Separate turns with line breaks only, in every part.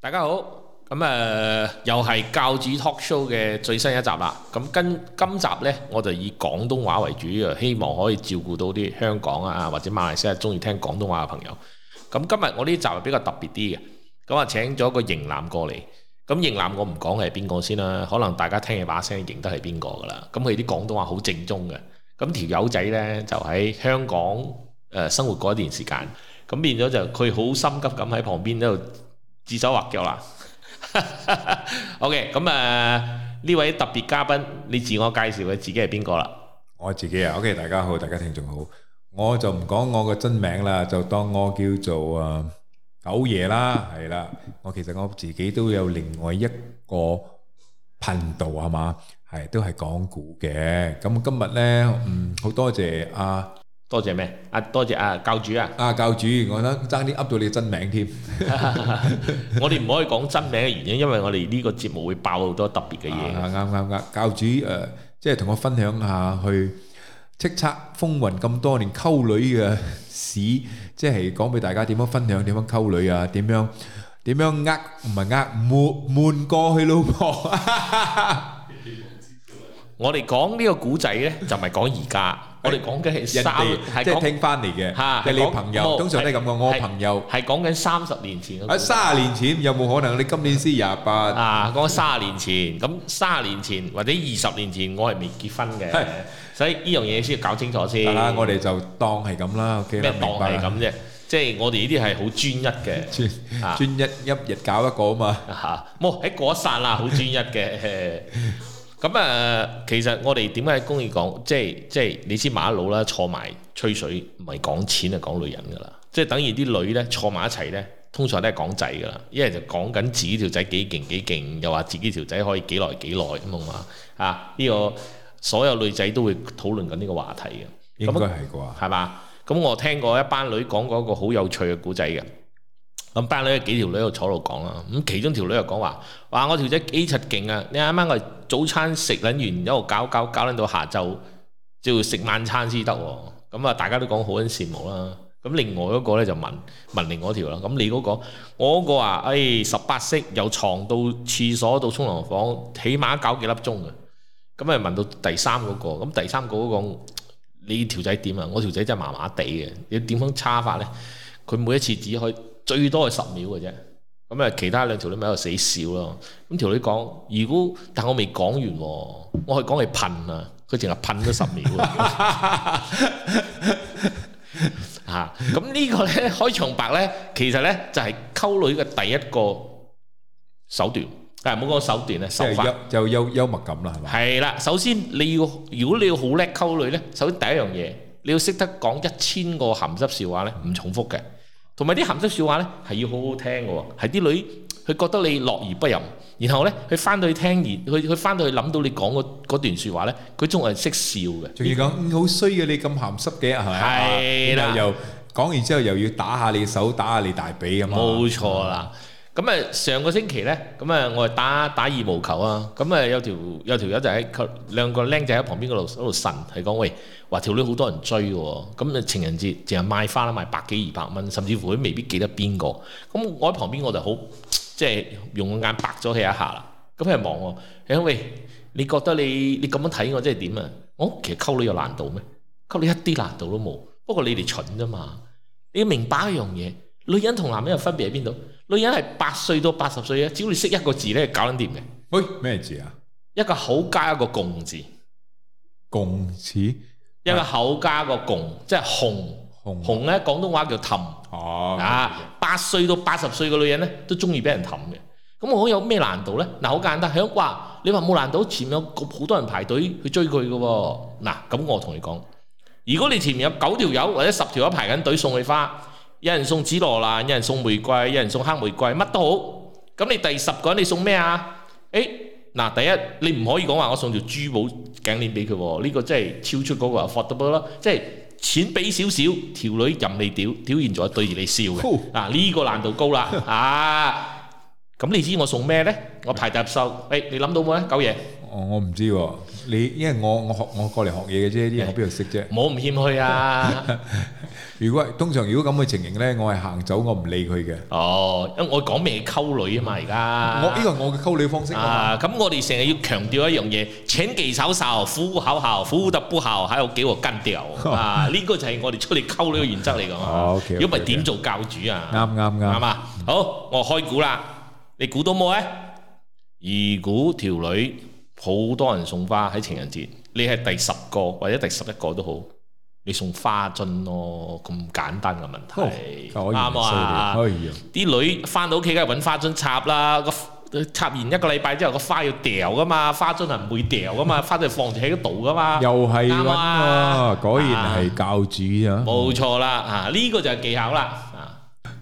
大家好，咁誒，又係教主 Talk Show 嘅最新一集啦。咁今今集呢，我就以廣東話為主嘅，希望可以照顧到啲香港啊，或者馬來西亞中意聽廣東話嘅朋友。咁今日我呢集比較特別啲嘅，咁啊，請咗個型男過嚟。咁型男我唔講係邊個先啦，可能大家聽佢把聲認得係邊個噶啦。咁佢啲廣東話好正宗嘅。咁條友仔呢，就喺香港誒生活過一段時間，咁變咗就佢好心急咁喺旁邊度。指手畫腳啦，OK，咁啊呢位特別嘉賓，你自我介紹你自己係邊個啦？我自己啊，OK，大家好，大家聽眾好，
我就唔講我個真名啦，就當我叫做啊九爺啦，係啦，我其實我自己都有另外一個頻道係嘛，係都係講古嘅，咁今日呢，嗯，好多謝啊。
多謝咩？阿多謝阿教主啊！阿教主，我覺得爭啲噏到你真名添。我哋唔可以講真名嘅原因，因為我哋呢個節目會爆好多特別嘅嘢。啱啱
啱，教主誒，即係同我分享下去叱咤風雲咁多年溝女嘅史，即係講俾大家點樣分享，點樣溝女啊，點樣點樣呃，唔係呃，瞞瞞過去老婆。
我哋講呢個古仔呢，就唔係講而家。我哋講緊係人哋，即係聽翻嚟嘅。係你朋友，通常都係咁講。我朋友係講緊三十年前。喺三十年前有冇可能？你今年先廿八。啊，講三十年前，咁三十年前或者二十年前，我係未結婚嘅。所以呢樣嘢先要搞清楚先。啦，我哋就當係咁啦。O K 啦，明白。咩當係咁啫？即係我哋呢啲係好專一嘅。專一一日搞一個啊嘛。嚇！冇喺嗰散啦，好專一嘅。咁啊、呃，其實我哋點解公義講，即係即係你知馬佬啦，坐埋吹水，唔係講錢啊，就係、講女人噶啦，即係等於啲女咧坐埋一齊咧，通常都係講仔噶啦，一係就講緊自己條仔幾勁幾勁，又話自己條仔可以幾耐幾耐咁啊嘛。啊呢個所有女仔都會討論緊呢個話題嘅，應該係啩，係嘛那？咁我聽過一班女講過一個好有趣嘅古仔嘅。咁班女有幾條女喺度坐度講啦，咁其中條女又講話，話我條仔幾柒勁啊！你啱啱個早餐食撚完，又搞搞搞撚到下晝，就要食晚餐先得喎。咁、嗯、啊，大家都講好撚羨慕啦。咁、嗯、另外一個咧就問問另外嗰條啦，咁、嗯、你嗰、那個，我嗰個話，誒十八式由床到廁所到沖涼房，起碼搞幾粒鐘啊？咁、嗯、啊問到第三嗰個、那個，咁、嗯、第三個嗰個你條仔點啊？我條仔真係麻麻地嘅，你點樣差法咧？佢每一次只可以，最多係十秒嘅啫，咁啊，其他兩條女咪喺度死笑咯。咁條女講：如果但我未講完，我係講係噴啊，佢淨係噴咗十秒啊。嚇！咁呢個咧開場白咧，其實咧就係溝女嘅第一個手段，但係，唔好講手段咧，手法
就幽幽默感
啦，係咪？係啦，首先你要如果你要好叻溝女咧，首先第一樣嘢你要識得講一千個鹹濕笑話咧，唔重複嘅。同埋啲鹹濕笑話咧，係要好好聽嘅喎，係啲女佢覺得你樂而不淫，然後咧佢翻到去聽完，佢佢翻到去諗到你講嗰段説話咧，佢仲係識笑嘅，仲要講好衰嘅，你咁鹹濕嘅係咪？係啦，啊、又講完之後又要打下你手，打下你大髀啊嘛，冇錯啦。嗯咁啊，上個星期呢，咁啊，我哋打打羽毛球啊，咁啊，有條有條友就喺兩個僆仔喺旁邊嗰度嗰度呻，係講，喂，話條女好多人追嘅，咁啊情人節淨係賣花啦，賣百幾二百蚊，甚至乎佢未必記得邊個。咁我喺旁邊我就好，即係用個眼白咗佢一下啦。咁佢就望我，喂，你覺得你你咁樣睇我即係點啊？我、哦、其實溝女有難度咩？溝女一啲難度都冇，不過你哋蠢啫嘛。你要明白一樣嘢，女人同男人有分別喺邊度？女人係八歲到八十歲啊！只要你識一個字咧，你搞緊掂嘅。喂、欸，咩字啊？一個口加一個共字。
共字子。
一個口加個共，即係哄。哄，哄。哄咧，廣東話叫氹。哦。啊，八、啊、歲到八十歲嘅女人咧，都中意俾人氹嘅。咁我有咩難度咧？嗱、嗯，好、啊、簡單，響哇！你話冇難度，前面有好多人排隊去追佢嘅喎。嗱、啊，咁我同你講，如果你前面有九條友或者十條友排緊隊送你花。有人送紫羅蘭，有人送玫瑰，有人送黑玫瑰，乜都好。咁你第十個人你送咩啊？誒，嗱，第一你唔可以講話我送條珠寶頸鏈俾佢，呢個真係超出嗰個 affordable 咯，即係錢俾少少，條女任你屌，屌完再對住你笑。嗱，呢個難度高啦。啊，咁你知我送咩咧？我排搭壽，誒，你諗到冇咧，九爺？我我
唔知你，因為我我學我過嚟學嘢嘅啫，啲嘢我邊度識啫？唔好唔謙虛啊！如果通常如果咁嘅情形咧，我係行走我唔理佢嘅。
哦，因為我講明係溝女啊嘛，而家我呢個我嘅溝女方式啊。咁我哋成日要強調一樣嘢：請技巧手、苦口孝、苦得不孝，喺度幾何跟掉啊？呢個就係我哋出嚟溝女嘅原則嚟講。如果唔係點做教主啊？啱啱啱啊！好，我開股開估啦，你估到冇咧？二估條女。好多人送花喺情人節，你係第十個或者第十一個都好，你送花樽咯，咁簡單嘅問題啱嘛？啲女翻到屋企梗係揾花樽插啦，個插完一個禮拜之後個花要掉噶嘛，花樽係唔會掉噶嘛， 花樽放住喺度噶嘛，又係啱
啊！吧果然係教主啊，冇
錯啦，啊呢個就係技巧啦。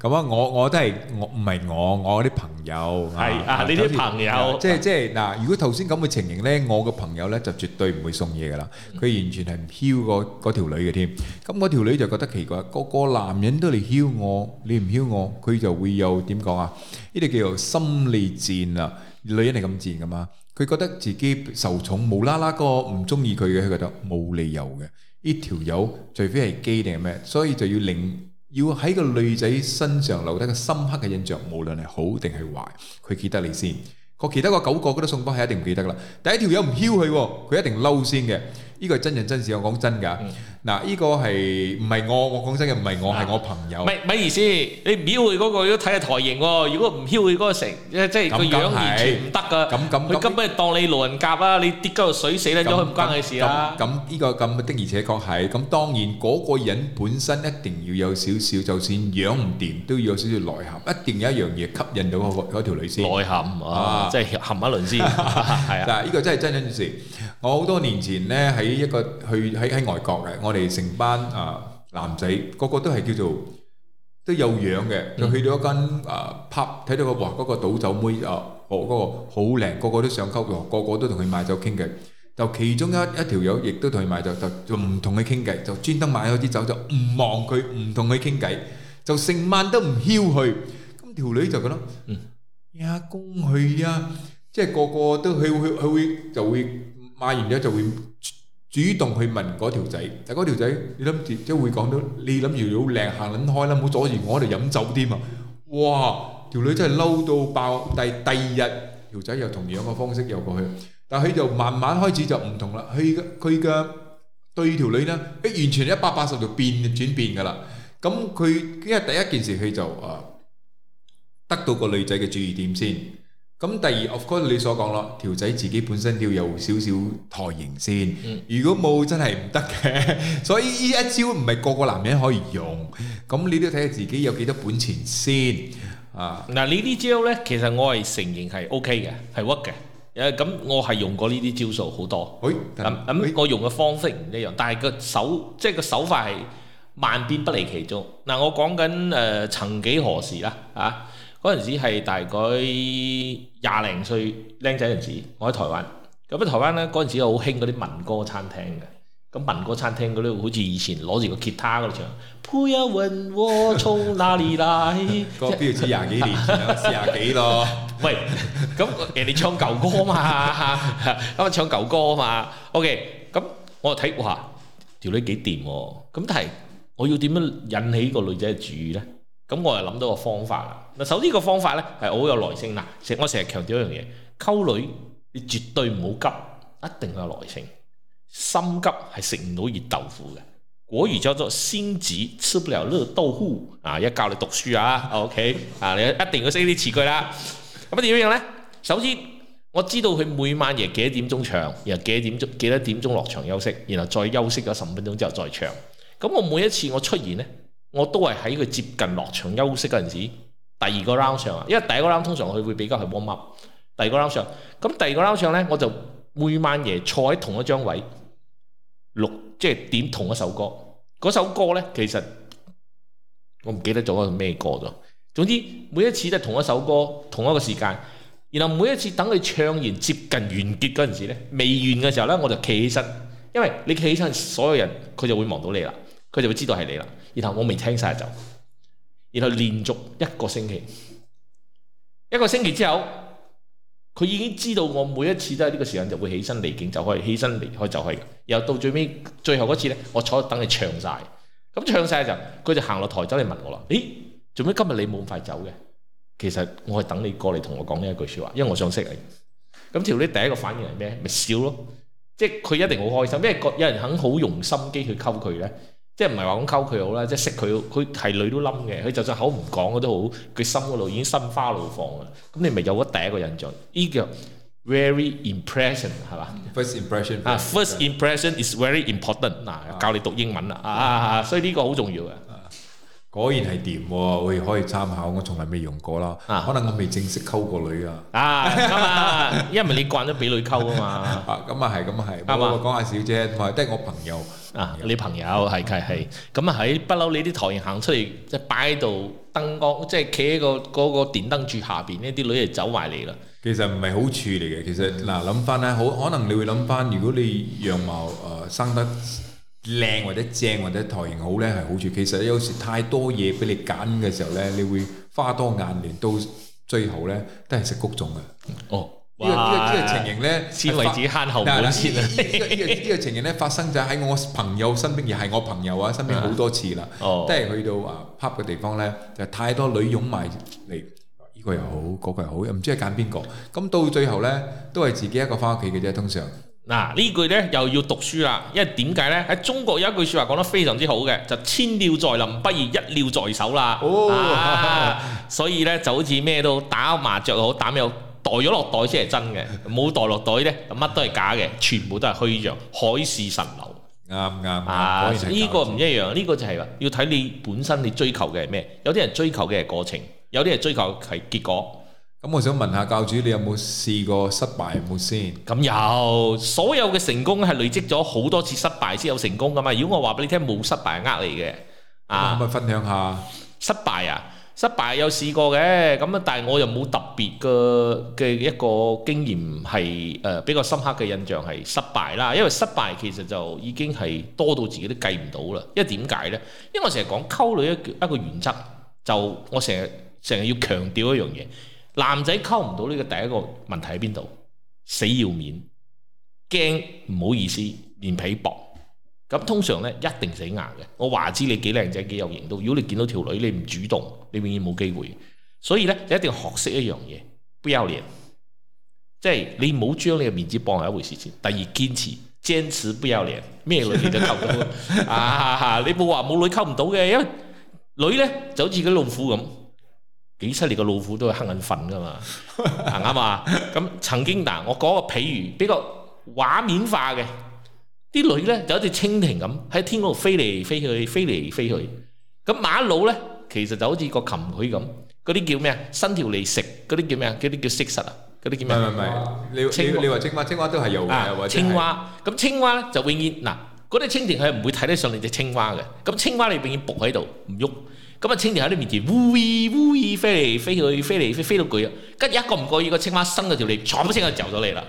咁啊！我我都係我唔係我，我啲朋友係啊！你啲朋友即係即係嗱，如果頭先咁嘅情形咧，我個朋友咧就絕對唔會送嘢噶啦。佢完全係唔撩嗰條女嘅添。咁嗰條女就覺得奇怪，個個男人都嚟撩我，你唔撩我，佢就會有點講啊？呢啲叫做心理戰啊！女人係咁戰噶嘛？佢覺得自己受寵，無啦啦個唔中意佢嘅，佢覺得冇理由嘅。呢條友除非係基定係咩，所以就要令。要喺個女仔身上留低個深刻嘅印象，無論係好定係壞，佢記得你先。個其他九個覺得送包係一定唔記得噶啦。第一條友唔囂佢，佢一定嬲先嘅。呢個係真人真事，我講真噶。嗯嗱，呢個係唔係我？我講真嘅，唔係我係我朋友。唔
係唔係意思，你標佢嗰個要睇下台型喎。如果唔標佢嗰個成，即係即係個樣完全唔得噶。咁咁佢根本係當你路人甲啦。你跌咗落水死咧，都唔關佢事啦。
咁呢個咁的，而且確係咁。當然嗰個人本身一定要有少少，就算樣唔掂，都要有少少內涵。一定有一樣嘢吸引到嗰個嗰條女先。內涵啊，即
係含一輪先。係啊，
呢個真係真真正事。我好多年前呢喺一個去喺喺外國嘅我。係成班啊男仔，個個都係叫做都有樣嘅。就去到一間啊 pub，睇到個話嗰個倒酒妹啊，學嗰個好靚，個個都上鈎，個個都同佢買酒傾偈。就其中一一條友，亦都同佢買酒，就唔同佢傾偈，就專登買咗支酒，就唔望佢，唔同佢傾偈，就成晚都唔囂佢。咁條女就覺得，阿公去啊，即係個個都去去去會就會買完咗就會。主動去問嗰條仔，但嗰條仔你諗住都會講到，你諗住好靚，行撚開啦，唔好阻住我喺度飲酒添啊！哇，條女真係嬲到爆。第第二日條仔又同樣嘅方式又過去，但佢就慢慢開始就唔同啦。佢嘅佢嘅對條女呢，完全一百八十度變轉變㗎啦。咁佢今日第一件事，佢就啊得到個女仔嘅注意點先。咁第二，of course 你所講咯，條仔自己本身要有少少台型先。嗯、如果冇，真係唔得嘅。 所以呢一招唔係個
個男人可以用。咁你都睇下自己有幾多本錢先啊。嗱呢啲招呢，其實我係承認係 OK 嘅，係 work 嘅。咁，我係用過呢啲招數好多。誒、哎，咁、嗯哎、我用嘅方式唔一樣，但係個手即係個手法係萬變不離其宗。嗱，我講緊誒，曾幾何時啦，啊！嗰陣時係大概廿零歲靚仔陣時，我喺台灣。咁喺台灣咧，嗰陣時好興嗰啲民歌餐廳嘅。咁民歌餐廳嗰度好似以前攞住個吉他嗰度唱。不要問我從哪裡來。個標誌廿幾年，四廿幾咯。喂，咁人哋唱舊歌嘛，咁啊唱舊歌嘛。OK，咁我就睇，哇，條女幾掂喎。咁但係我要點樣引起個女仔嘅注意咧？咁我又諗到個方法啦。嗱，首先個方法咧係好有耐性啦。成我成日強調一樣嘢，溝女你絕對唔好急，一定有耐性。心急係食唔到熱豆腐嘅。古語叫做仙子吃不了熱豆腐。啊，一教你讀書啊，OK 啊，你一定要識呢啲詞句啦。咁點樣咧？首先我知道佢每晚夜幾多點鐘唱，然後幾多點鐘幾多點鐘落場休息，然後再休息咗十五分鐘之後再唱。咁我每一次我出現咧。我都係喺佢接近落場休息嗰陣時，第二個 round 上啊，因為第一個 round 通常佢會比較係 warm up，第二個 round 上，咁第二個 round 上呢，我就每晚夜坐喺同一張位錄，即係點同一首歌。嗰首歌呢，其實我唔記得咗係咩歌咗。總之每一次都係同一首歌，同一個時間，然後每一次等佢唱完接近完結嗰陣時呢，未完嘅時候呢，我就企起身，因為你企起身，所有人佢就會望到你啦，佢就會知道係你啦。然後我未聽晒就，然後連續一個星期，一個星期之後，佢已經知道我每一次都係呢個時間就會起身離境走開，起身離開走開。然後到最尾最後嗰次呢，我坐等你唱晒。咁唱晒就佢就行落台走嚟問我啦：誒，做咩今日你冇咁快走嘅？其實我係等你過嚟同我講呢一句説話，因為我想識你。咁條女第一個反應係咩？咪笑咯，即係佢一定好開心，因為覺有人肯好用心機去溝佢呢。即係唔係話咁溝佢好啦，即係識佢，佢係女都冧嘅，佢就算口唔講嘅都好，佢心嗰度已經心花怒放喇！咁你咪有咗第一個印象，呢叫 very impression 係嘛？First impression 啊 first，first impression is very important。嗱，教你讀英文啦，啊，啊所以呢個好重要嘅。
果然係掂喎，我可以參考。我從來未用過啦，可能我未正式溝過女啊。
啊，因為你慣咗俾女溝啊嘛。啊，咁啊係，咁啊係。啱啊，講下笑啫，同埋都係我朋友啊，你朋友係係係。咁啊喺不嬲你啲台型行出嚟，即係擺喺度燈光，即係企喺個嗰個電燈柱下邊咧，啲女就走埋嚟啦。其實唔係好處嚟嘅，其實嗱諗翻咧，好可能你會
諗翻，如果你樣貌誒生得。靚或者正或者台型好咧係好處，其實有時太多嘢俾你揀嘅時候咧，你會花多眼亂，到最後咧都係食谷種嘅。哦，呢個呢個情形咧先為止慳後半截啊！呢個呢個呢個情形咧發生就喺我朋友身邊，亦係我朋友啊身邊好多次啦。哦，都係去到啊 pub 嘅地方咧，就太多女湧埋嚟，呢個又好，嗰個又好，又唔知係揀邊個。咁到最後咧，都係自己一個返屋企嘅啫，通常。
嗱，呢句呢又要讀書啦，因為點解呢？喺中國有一句説話講得非常之好嘅，就是，千鳥在林，不如一鳥在手啦，哦啊。所以呢，就好似咩都打麻雀好，打咩好，袋咗落袋先係真嘅，冇袋落袋呢，乜都係假嘅，全部都係虛像，海市蜃樓。啱啱啱，呢、啊、個唔一樣，呢、呢個就係話要睇你本身你追求嘅係咩？有啲人追求嘅係過程，有啲人追求係結果。咁我想問下教主，你有冇試過失敗冇先？咁有，所有嘅成功係累積咗好多次失敗先有成功噶嘛？如果我話俾你聽冇失敗係呃你嘅，啊可唔可以分享下？失敗啊，失敗有試過嘅，咁啊，但係我又冇特別嘅嘅一個經驗係誒比較深刻嘅印象係失敗啦。因為失敗其實就已經係多到自己都計唔到啦。因為點解呢？因為我成日講溝女一一個原則，就我成日成日要強調一樣嘢。男仔溝唔到呢個第一個問題喺邊度？死要面，驚唔好意思，面皮薄。咁通常呢，一定死硬嘅。我話知你幾靚仔幾有型都。如果你見到條女你唔主動，你永遠冇機會。所以呢，你一定要學識一樣嘢，不要臉。即係你冇將你嘅面子放係一回事先。第二，堅持，堅持不要臉，咩女你都溝到。 啊，你冇話冇女溝唔到嘅，因為女呢，就好似個老虎咁。幾犀利嘅老虎都係瞌眼瞓㗎嘛，啱嘛？咁曾經嗱，我講個譬如比較畫面化嘅，啲女咧就好似蜻蜓咁喺天嗰度飛嚟飛去，飛嚟飛去。咁馬佬咧其實就好似個蠑蟻咁，嗰啲叫咩啊？伸條脷食嗰啲叫咩啊？嗰啲叫蟋蟀啊？嗰啲叫咩？唔係唔係，青你話青蛙，青蛙都係有啊。青蛙咁青蛙咧就永遠嗱，嗰啲蜻蜓係唔會睇得上你隻青蛙嘅。咁青蛙你永遠伏喺度唔喐。咁啊，蜻蜓喺你面前，烏烏、呃呃、飛嚟飛去，飛嚟飛飛到佢，啊！跟住一個唔覺意，個青蛙伸咗條脷，唰一聲就嚼咗你啦！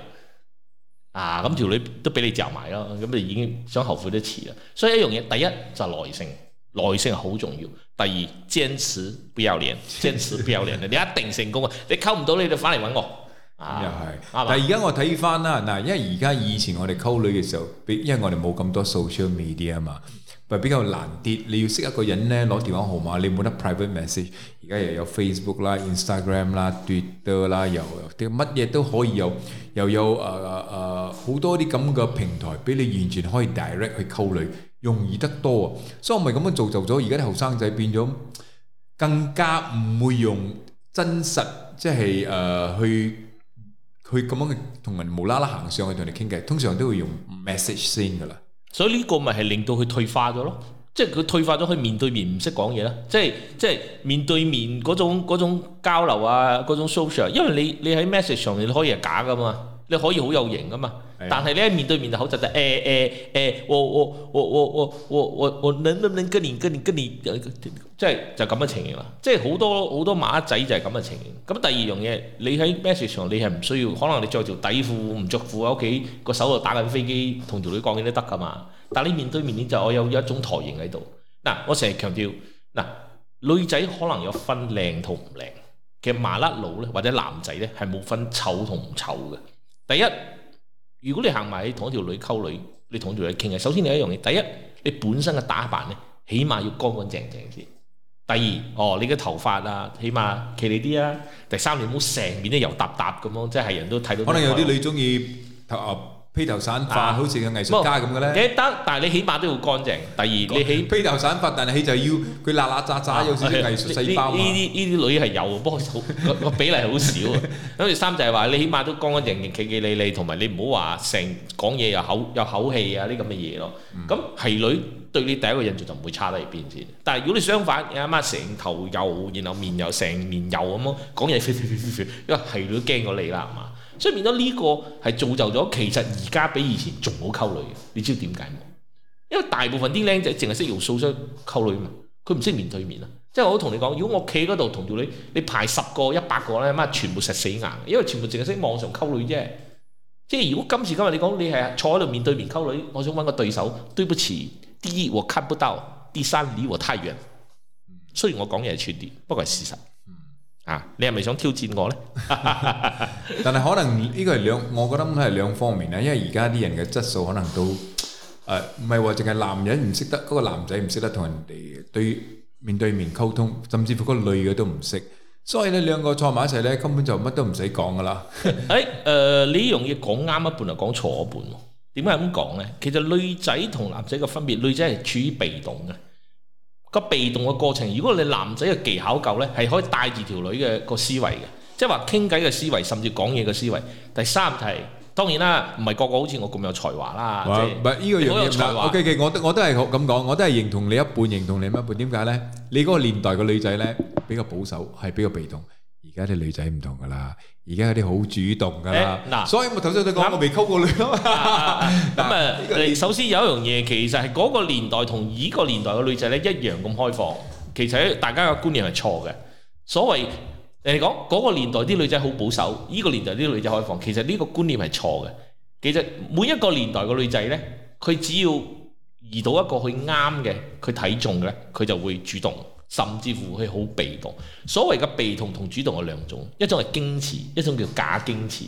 啊，咁條女都俾你嚼埋咯，咁啊已經想後悔都遲啦。所以一樣嘢，第一就係，耐性，耐性好重要。第二，堅持不要臉，堅 持不要臉你一定成功啊！你溝唔到你就翻嚟揾我。又係，但係而家我睇
翻啦，嗱，因為而家以前我哋溝女嘅時候，因為我哋冇咁多 social media 啊嘛。唔係比較難啲，你要識一個人咧，攞電話號碼，你冇得 private message。而家又有 Facebook 啦、Instagram 啦、Twitter 啦，又啲乜嘢都可以有，又有誒誒好多啲咁嘅平台，俾你完全可以 direct 去溝女，容易得多啊。所以我咪咁樣造就咗而家啲後生仔變咗更加唔會用真實，即係誒去去咁樣嘅同人無啦啦行上去同你傾偈，通
常都會用 message 先㗎啦。所以呢個咪係令到佢退化咗咯，即係佢退化咗，佢面對面唔識講嘢啦，即係即係面對面嗰種嗰種交流啊，嗰種 social，因為你你喺 message 上你可以係假㗎嘛，你可以好有型㗎嘛。但係你面對面就好窒窒。誒誒誒，我我我我我我我我能能唔能跟你跟你跟你，即係就咁嘅情形啦。即係好多好多麻甩仔就係咁嘅情形。咁第二樣嘢，你喺 message 上你係唔需要，可能你着條底褲唔着褲喺屋企個手度打緊飛機，同條女講嘢都得噶嘛。但係你面對面咧就我有一種台型喺度。嗱，我成日強調，嗱，女仔可能有分靚同唔靚，其實麻甩佬咧，或者男仔咧係冇分醜同唔醜嘅。第一。如果你行埋去同一條女溝女，你同一條女傾偈，首先你有一樣嘢，第一你本身嘅打扮咧，起碼要乾乾淨淨先。第二，哦，你嘅頭髮啊，起碼企利啲啊。第三，你唔好成面都油搭搭咁咯，即係人都睇到。可能有啲女中意塌壓。披頭散髮、啊、好似個藝術家咁嘅咧，得，但係你起碼都要乾淨。第二淨你起披頭散髮，但係佢就要佢嗱嗱喳喳有少少藝術細胞。呢啲呢啲女係有，不過個比例好少。跟住 三就係、係、話你起碼都乾乾淨淨、企企理理，同埋你唔好話成講嘢又口又口，口氣啊啲咁嘅嘢咯。咁係、嗯、女對你第一個印象就唔會差得去邊先。但係如果你相反，你阿媽成頭油，然後面油，成面油咁咯，講嘢，因為係女都驚過你啦，係嘛？所以變咗呢個係造就咗，其實而家比以前仲好溝女。你知道點解冇？因為大部分啲僆仔淨係識用數商溝女啊嘛，佢唔識面對面啊。即係我都同你講，如果我企嗰度同條女，你排十個、一百個咧，乜全部實死硬，因為全部淨係識網上溝女啫。即係如果今時今日你講你係坐喺度面對面溝女，我想揾個對手，對不起，第一我看不到，第三離我太遠。雖然我講嘢係串啲，不過係事實。啊！你係咪想挑戰我咧？
但係可能呢個係兩，我覺得係兩方面咧。因為而家啲人嘅質素可能都誒，唔係話淨係男人唔識得，嗰個男仔唔識得同人哋對面對面溝通，甚至乎嗰個女嘅都唔識。所以咧，兩個坐埋一齊咧，
根本就乜都唔使講噶啦。誒，誒，呢樣嘢講啱一半，又講錯一半。點解咁講咧？其實女仔同男仔嘅分別，女仔係處於被動嘅。個被動嘅過程，如果你男仔嘅技巧夠呢，係可以帶住條女嘅個思維嘅，即係話傾偈嘅思維，甚至講嘢嘅思維。第三題，當然啦，唔係個個好似我咁有才華啦。唔係呢個樣嘢，才華，OK OK，
我都我都係咁講，我都係認同你一半，認同你一半。點解呢？你嗰個年代嘅女仔呢，比較保守，係比較被動。而家啲女仔唔同㗎啦。而家有啲好主動噶啦，嗱、欸，所以我頭先都講，嗯、我未溝過女
囉。咁誒，首先有一樣嘢，啊、其實係嗰個年代同依個年代嘅女仔咧一樣咁開放。其實大家嘅觀念係錯嘅。所謂你講嗰個年代啲女仔好保守，依、依個年代啲女仔開放。其實呢個觀念係錯嘅。其實每一個年代嘅女仔呢，佢只要遇到一個佢啱嘅，佢睇中嘅，佢就會主動。甚至乎佢好被動，所謂嘅被動同主動係兩種，一種係矜持，一種叫假矜持。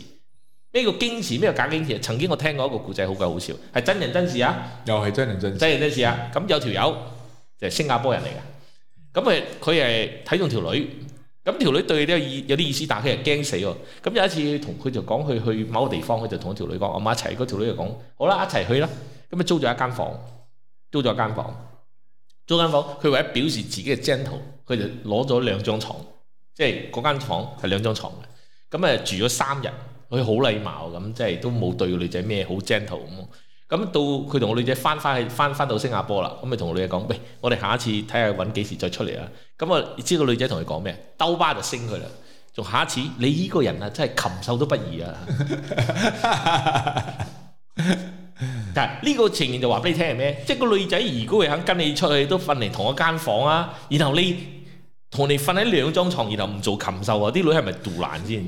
咩叫矜持？咩叫假矜持？曾經我聽過一個故仔，好鬼好笑，係真人真事啊！又係真人真事，真人真事啊！咁有條友就係新加坡人嚟嘅，咁佢佢係睇中條女，咁條女對佢都有意，有啲意思，但係佢係驚死喎。咁有一次同佢就講佢去某個地方，佢就同條女講：，我媽一齊，嗰條女就講：，好啦，一齊去啦。咁咪租咗一間房，租咗一間房。租間房，佢為咗表示自己嘅 gentle，佢就攞咗兩張床，即係嗰間牀係兩張牀嘅。咁誒住咗三日，佢好禮貌咁，即係都冇對個女仔咩好 gentle 咁。咁到佢同個女仔翻翻去翻翻到新加坡啦，咁咪同個女仔講：，喂，我哋下一次睇下揾幾時再出嚟啦。咁啊，知道個女仔同佢講咩？兜巴就升佢啦。仲下一次，你依個人啊，真係禽獸都不如啊！ 但係呢、這個情形就話俾你聽係咩？即係個女仔如果佢肯跟你出去都瞓嚟同一間房啊，然後你同你瞓喺兩張床，然後唔做禽獸啊？啲女係咪杜男先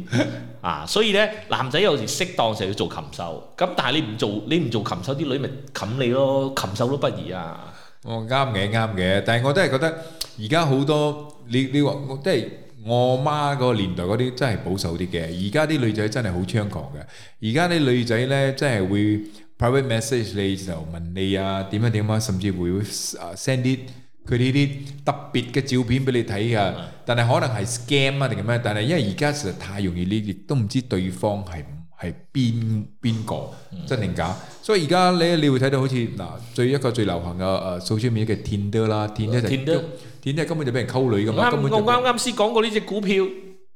啊？所以咧，男仔有時適當時要做禽獸，咁但係你唔做，你唔做禽獸，啲女咪冚你咯，禽獸都不如啊！我啱嘅，啱嘅，但係我
都係覺得而家好多，你你話即係我媽個年代嗰啲真係保守啲嘅，而家啲女仔真係好猖狂嘅，而家啲女仔咧真係會。Private message 你就問你啊點樣點樣，甚至會會 send 啲佢呢啲特別嘅照片俾你睇啊，但係可能係 scam 啊定係咩？但係因為而家實在太容易，呢啲都唔知對方係係邊邊個、嗯、真定假，所以而家你你會睇到好似嗱最一個最流行嘅誒、啊、social media 嘅 Tinder 啦，t i n d e Tinder，Tinder 根本就俾人溝女㗎嘛。硬我啱啱
先講過呢隻股票。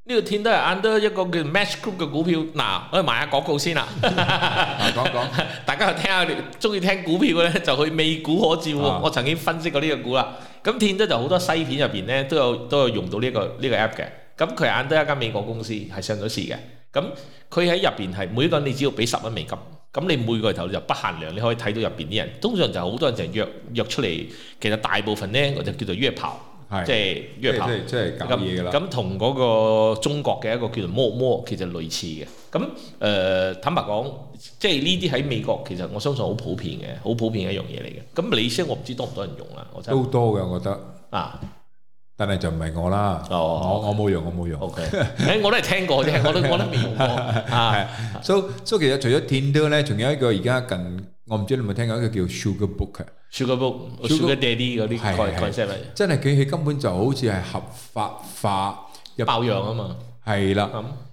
呢個 Tinder 係 under 一個叫 Match Group 嘅股票，嗱，我賣下廣告先啦。講講，大家又聽下，中意聽股票嘅咧，就去美股可照。我曾經分析過呢個股啦。咁 Tinder 就好多西片入邊咧，都有都有用到呢個呢個 app 嘅。咁佢係 under 一間美國公司，係上咗市嘅。咁佢喺入邊係每個人，你只要俾十蚊美金，咁你每個頭就不限量，你可以睇到入邊啲人。通常就好多人就約約出嚟，其實大部分咧我就叫做約炮。係，即係即係即係搞嘢啦！咁同嗰個中國嘅一個叫做摩摩其實類似嘅。咁、嗯、誒坦白講，即係呢啲喺美國其實我相信好普遍嘅，好普遍嘅一樣嘢嚟嘅。咁你先我唔知多唔多人用啦、啊，我真係都多嘅，我覺得啊但，但係就唔係我啦。哦，我我冇用，我冇用。O okay . K， 我都係聽過啫，我都我都未用過 啊。
所以所以其實除咗 Tinder 咧，仲有一個而家近，我唔知你有冇聽過一個叫 Sugar Book 嘅。
Sugar Book，Sugar daddy 嗰
啲，真係佢佢根本就好似係合法化，包養啊嘛。係啦，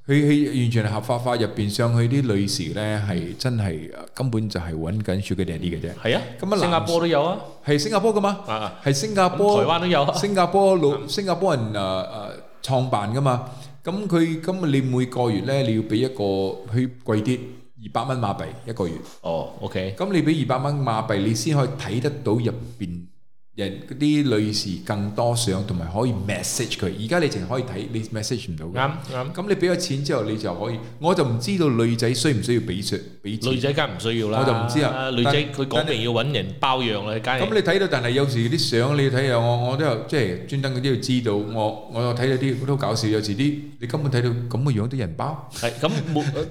佢佢完全係合法化，入邊上去啲女士咧，係真係根本就係揾緊 Sugar daddy 嘅啫。係啊，咁啊，新加坡都有啊，係新加坡㗎嘛，係新加坡，台灣都有，新加坡老新加坡人啊啊創辦㗎嘛。咁佢咁啊，你每個月咧，你要俾一個佢貴啲。二百蚊馬幣一個月，哦，oh，OK，咁你畀二百蚊馬幣，你先可以睇得到入邊。人嗰啲女士更多相，同埋可以 message 佢，而家你淨可以睇你 message 唔到嘅。啱啱咁你俾咗錢之後，你就可以，我就唔知道女仔需唔需要俾錶俾錢。女仔梗係唔需要啦，我就唔知啊。女仔佢講定
要搵人包養啦。咁
你睇到，但係有時啲相你睇下我我都有即係專登嗰啲要知道。我我又睇到啲都好搞笑，有時啲你根本睇到咁嘅樣啲人包。
係咁，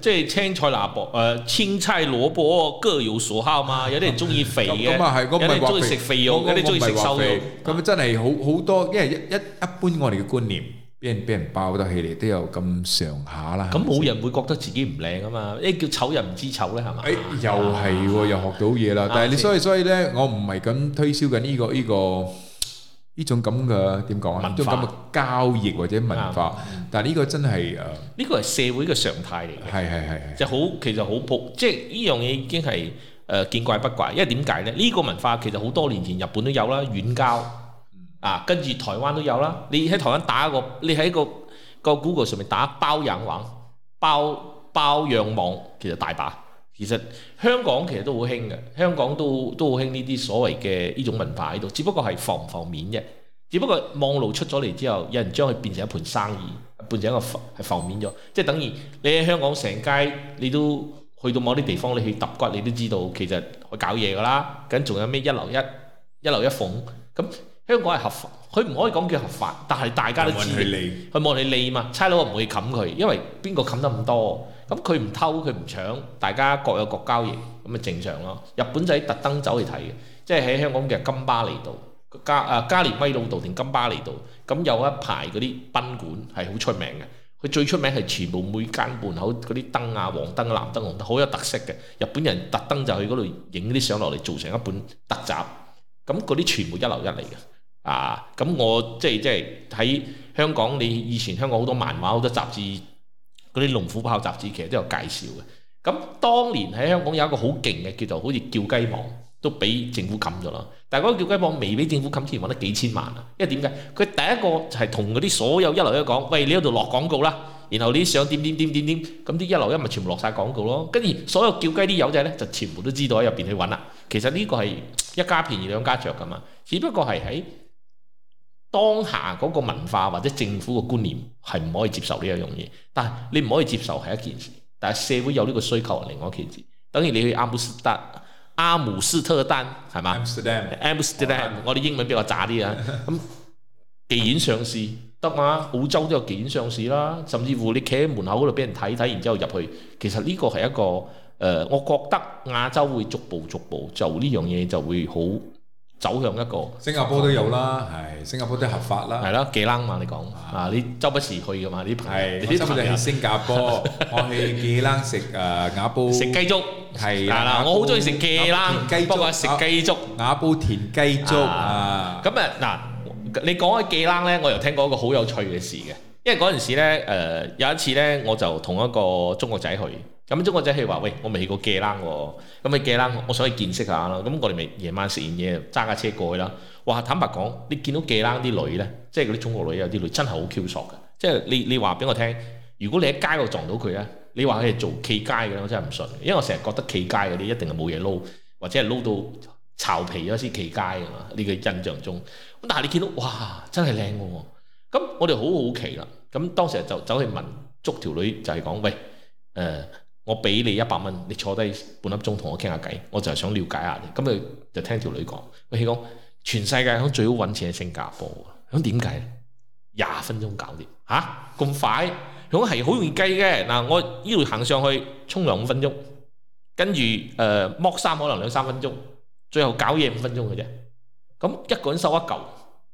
即係青菜蘿卜誒，青菜蘿卜各有所好嘛。有啲人中意肥嘅，有咪中意食肥肉，啲中意收咯，咁啊，真係
好好多，因為一一一般我哋嘅觀念，俾人俾人包得起嚟，都有咁上
下啦。咁冇人會覺得自己唔靚啊嘛？誒，叫醜人唔知醜咧，係嘛？誒，又係，又學到嘢啦。但係你
所以所以咧，我唔係咁推銷緊呢個呢個呢種咁
嘅點講啊？呢種咁嘅交易或者文化，但係呢個真係誒，呢個係社會嘅常態嚟嘅，係係係，就好其實好普，即係呢樣嘢已經係。誒見怪不怪，因為點解呢？呢、這個文化其實好多年前日本都有啦，援交啊，跟住台灣都有啦。你喺台灣打一個，你喺個個 Google 上面打包養網、包包養網，其實大把。其實香港其實都好興嘅，香港都都好興呢啲所謂嘅呢種文化喺度，只不過係浮唔浮面啫。只不過網路出咗嚟之後，有人將佢變成一盤生意，變成一個浮係浮面咗，即係等於你喺香港成街你都。去到某啲地方你去揼骨你都知道其實佢搞嘢㗎啦，咁仲有咩一樓一，一樓一鳳，咁香港係合法，佢唔可以講叫合法，但係大家都知佢望你利嘛，差佬唔會冚佢，因為邊個冚得咁多，咁佢唔偷佢唔搶，大家各有各交易，咁咪正常咯。日本仔特登走嚟睇嘅，即係喺香港嘅金巴利道加啊加連威老道定金巴利道，咁有一排嗰啲賓館係好出名嘅。佢最出名係全部每間門口嗰啲燈啊，黃燈、藍燈、紅燈，好有特色嘅。日本人特登就去嗰度影啲相落嚟，做成一本特集。咁嗰啲全部一流一嚟嘅。啊，咁我即係即係喺香港，你以前香港好多漫畫，好多雜誌，嗰啲《龍虎豹》雜誌其實都有介紹嘅。咁當年喺香港有一個好勁嘅，叫做好似叫雞網。都俾政府冚咗啦，但係嗰個叫雞網未俾政府冚之前，揾得幾千萬啊！因為點解？佢第一個就係同嗰啲所有一樓一講，喂，你喺度落廣告啦，然後你想點點點點點，咁啲一樓一咪全部落晒廣告咯。跟住所有叫雞啲友仔呢，就全部都知道喺入邊去揾啦。其實呢個係一家便宜兩家著噶嘛，只不過係喺當下嗰個文化或者政府嘅觀念係唔可以接受呢一樣嘢，但係你唔可以接受係一件事，但係社會有呢個需求，另外一件事，等於你去阿姆阿姆斯特丹係嘛？Amsterdam，Amsterdam，我哋英文比較渣啲啊。咁影院上市得嘛？澳洲都有影院上市啦，甚至乎你企喺門口嗰度俾人睇睇，然之後入去，其實呢個係一個誒、呃，我覺得亞洲會逐步逐步做呢樣嘢就會好。走向一個新加坡都有啦，係新加坡都合法啦，係咯，檸冷嘛你講啊，你周不時去噶嘛呢排，你啲排你去新加坡，我去檸冷食啊瓦煲食雞粥，係啊，我好中意食檸冷，雞煲啊食雞粥，瓦煲田雞粥啊，咁啊嗱，你講起檸冷咧，我又聽過一個好有趣嘅事嘅，因為嗰陣時咧誒有一次咧我就同一個中國仔去。咁中國仔係話：喂，我未去過嘅拉喎。咁你嘅拉，我想去見識下啦。咁我哋咪夜晚食完嘢，揸架車過去啦。哇！坦白講，你見到嘅拉啲女呢，即係嗰啲中國女有啲女真係好 Q 索嘅。即係你你話俾我聽，如果你喺街度撞到佢呢，你話佢係做企街嘅咧，我真係唔信，因為我成日覺得企街嗰啲一定係冇嘢撈，或者係撈到巢皮咗先企街㗎嘛。呢、這個印象中，咁但係你見到哇，真係靚喎。咁我哋好好奇啦，咁當時就走去問捉條女，就係、是、講喂，誒、呃。我俾你一百蚊，你坐低半粒鐘同我傾下偈，我就係想了解下你。咁佢就聽條女講，佢講全世界響最好揾錢係星加坡，咁點解咧？廿分鐘搞掂吓，咁快，咁係好容易計嘅。嗱，我呢度行上去沖涼五分鐘，跟住誒剝衫可能兩三分鐘，最後搞嘢五分鐘嘅啫。咁一個人收一嚿。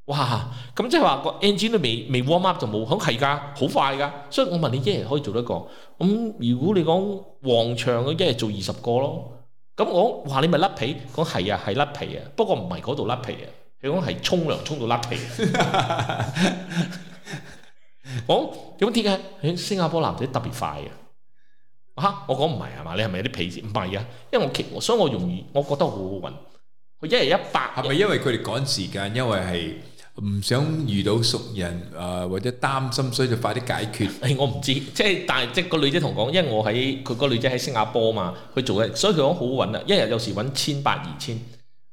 哇！咁即係話個 engine 都未未 warm up 就冇，咁係㗎，好快㗎。所以我問你一日可以做得個？咁、嗯、如果你講旺場，我一日做二十個咯。咁、嗯、我話你咪甩皮，講係啊，係甩皮啊。不過唔係嗰度甩皮啊，佢講係沖涼沖到甩皮。我點解？新加坡男仔特別快啊！嚇，我講唔係啊嘛，你係咪有啲皮子？唔係啊，因為我奇，所以我容易，我覺得好好運。佢一日一百，係咪因為佢哋趕時間？因為係。唔想遇到熟人啊，或者擔心，所以就快啲解決。誒，我唔知，即係但係即係個女仔同我講，因為我喺佢個女仔喺新加坡嘛，佢做嘅，所以佢講好揾啊，一日有時揾千八二千。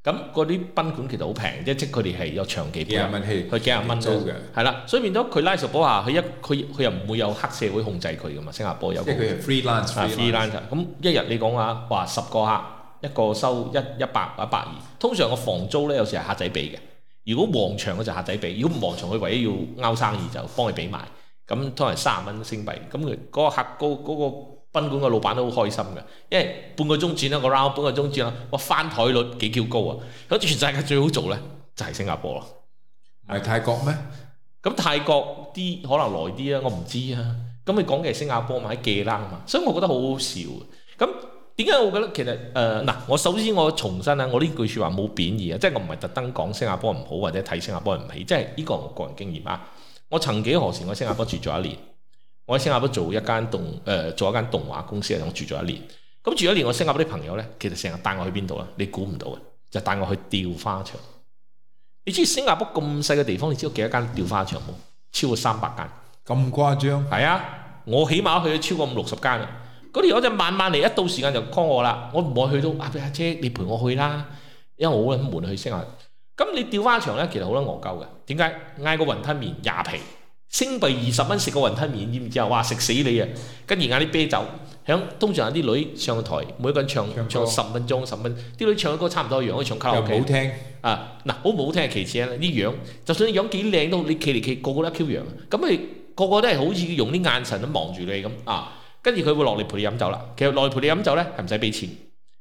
咁嗰啲賓館其實好平啫，即係佢哋係有長期幾廿蚊佢幾廿蚊租嘅，係啦。所以變咗佢拉熟波下，佢一佢佢又唔會有黑社會控制佢噶嘛。新加坡有即係佢係 freelance freelance 咁，一日你講下話十個客，一個收一一百或一百二，通常個房租咧有時係黑仔俾嘅。如果旺場，我就客仔俾；如果唔旺場，佢唯一要勾生意就幫佢俾埋。咁通常三十蚊星幣。咁、那、嗰個客、嗰、那、嗰個賓館嘅老闆都好開心嘅，因為半個鐘轉一、那個 round，半個鐘轉，哇翻台率幾叫高啊！咁全世界最好做呢，就係、是、新加坡咯，係泰國咩？咁泰國啲可能耐啲啊，我唔知啊。咁你講嘅係新加坡嘛？喺芽籠嘛？所以我覺得好好笑。咁。點解我覺得其實誒嗱、呃，我首先我重申啊，我呢句説話冇貶義啊，即係我唔係特登講新加坡唔好或者睇新加坡唔起，即係呢個我個人經驗啊。我曾幾何時我喺新加坡住咗一年，我喺新加坡做一間動誒、呃、做一間動畫公司啊，我住咗一年。咁住咗一年我新加坡啲朋友呢，其實成日帶我去邊度啊？你估唔到嘅，就帶我去釣花場。你知新加坡咁細嘅地方，你知道幾多間釣花場冇超過三百間？咁誇張？係啊，我起碼去咗超過五六十間。嗰啲我就慢慢嚟，一到時間就 call 我啦。我唔愛去到，阿 B 阿姐，你陪我去啦，因為我好撚悶去食下。咁你調翻場咧，其實好撚戇鳩嘅。點解嗌個雲吞麵廿皮，星幣二十蚊食個雲吞麵，知唔知啊？哇，食死你啊！跟住嗌啲啤酒，響通常有啲女上台，每個人唱唱十歌分鐘、十分。啲女唱嘅歌差唔多一樣，可以唱卡拉 OK，又唔好聽啊！嗱，好唔好聽其次啦，啲樣就算你樣幾靚都，你企嚟企個個都一 Q 樣，咁佢個個都係好似用啲眼神都望住你咁啊！跟住佢會落嚟陪你飲酒啦。其實落嚟陪你飲酒咧，係唔使俾錢。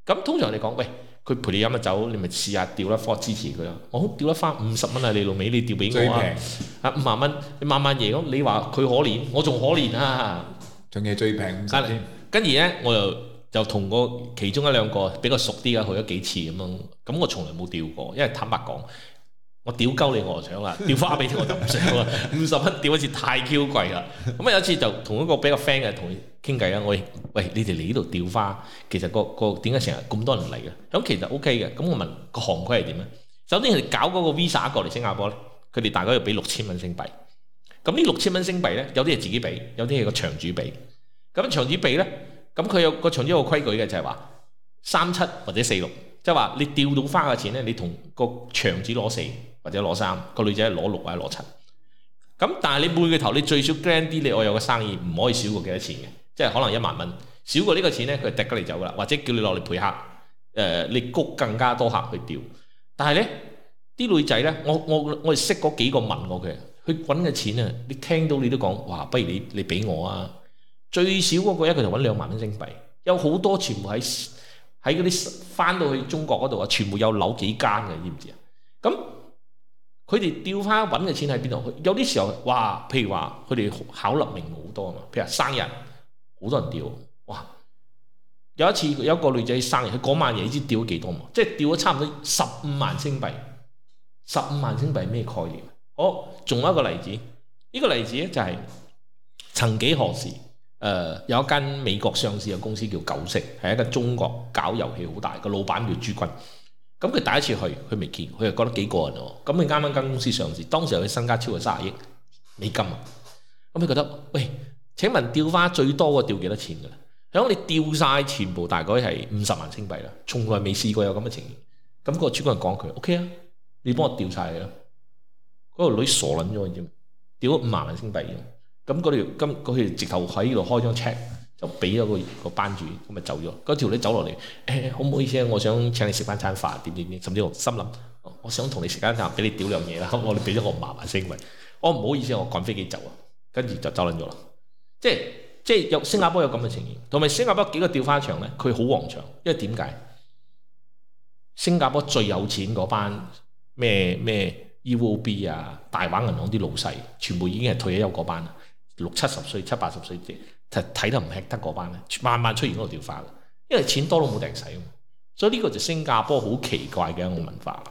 咁通常你講，喂，佢陪你飲下酒，你咪試下掉一顆支持佢咯。我掉一顆五十蚊啊，你老味，你掉俾我啊，五萬蚊，你萬萬爺咁。你話佢可憐，我仲可憐啊。仲係最平。跟住咧，我又就，就同個其中一兩個比較熟啲嘅去咗幾次咁樣。咁我從來冇掉過，因為坦白講，我屌鳩你我都想掉 花俾我都唔想五十蚊掉一次太 Q 貴啦。咁啊有一次就，一個一次就一個同一個比較 friend 嘅同。傾偈啦，我話你哋嚟呢度釣花，其實個個點解成日咁多人嚟嘅？咁其實 O K 嘅，咁我問個行規係點呢？首先係搞嗰個 visa 過嚟新加坡咧，佢哋大概要俾六千蚊星幣。咁呢六千蚊星幣呢，有啲係自己俾，有啲係個場主俾。咁場主俾呢？咁佢有個場主有個規矩嘅，就係話三七或者四六，即係話你釣到花嘅錢呢，你同個場主攞四或者攞三，個女仔攞六或者攞七。咁但係你每個頭，你最少 grand 啲，你我有個生意唔可以少過幾多錢嘅。即係可能一萬蚊，少過呢個錢咧，佢係趯咗嚟走噶啦，或者叫你落嚟陪客誒、呃，你谷更加多客去調。但係咧，啲女仔咧，我我我係識嗰幾個問過佢，佢揾嘅錢啊，你聽到你都講哇，不如你你俾我啊。最少嗰個一個就揾兩萬蚊星幣，有好多全部喺喺嗰啲翻到去中國嗰度啊，全部有樓幾間嘅，知唔知啊？咁佢哋調翻揾嘅錢喺邊度？有啲時候哇，譬如話佢哋考立命好多啊嘛，譬如生日。好多人掉，哇！有一次有一個女仔生日，佢嗰晚你知掉咗幾多嘛？即係掉咗差唔多十五萬星幣。十五萬星幣咩概念？好，仲有一個例子，呢、這個例子咧就係、是、曾幾何時，誒、呃、有一間美國上市嘅公司叫九城，係一個中國搞遊戲好大，個老闆叫朱君。咁佢第一次去，佢未見，佢又覺得幾過癮喎。咁佢啱啱間公司上市，當時佢身家超過卅億美金啊。咁佢覺得喂。請問釣花最多個釣幾多錢㗎？響你釣晒全部大概係五十萬星幣啦，從來未試過有咁嘅情形。咁個主人公講佢 OK 啊，你幫我釣晒你啦。嗰、那個女傻撚咗，你知唔知？釣咗五萬蚊星幣咁嗰條，今嗰條直頭喺呢度開張 check 就俾咗、那個個班主咁咪走咗。嗰、那、條、個、女走落嚟，誒好唔好意思啊，我想請你食翻餐飯，點點點，甚至我心諗、oh, 我想同你食翻餐，俾你屌兩嘢啦。我哋俾咗我五萬萬星幣，我唔好意思，我趕飛機走啊，跟住就走撚咗啦。即係即係有新加坡有咁嘅情形，同埋新加坡幾個掉花場咧，佢好旺場，因為點解？新加坡最有錢嗰班咩咩 UOB 啊、大華銀行啲老細，全部已經係退咗休嗰班啦，六七十歲、七八十歲即係睇得唔吃得嗰班咧，慢慢出現嗰個掉花啦，因為錢多到冇定使啊，所以呢個就新加坡好奇怪嘅一個文化。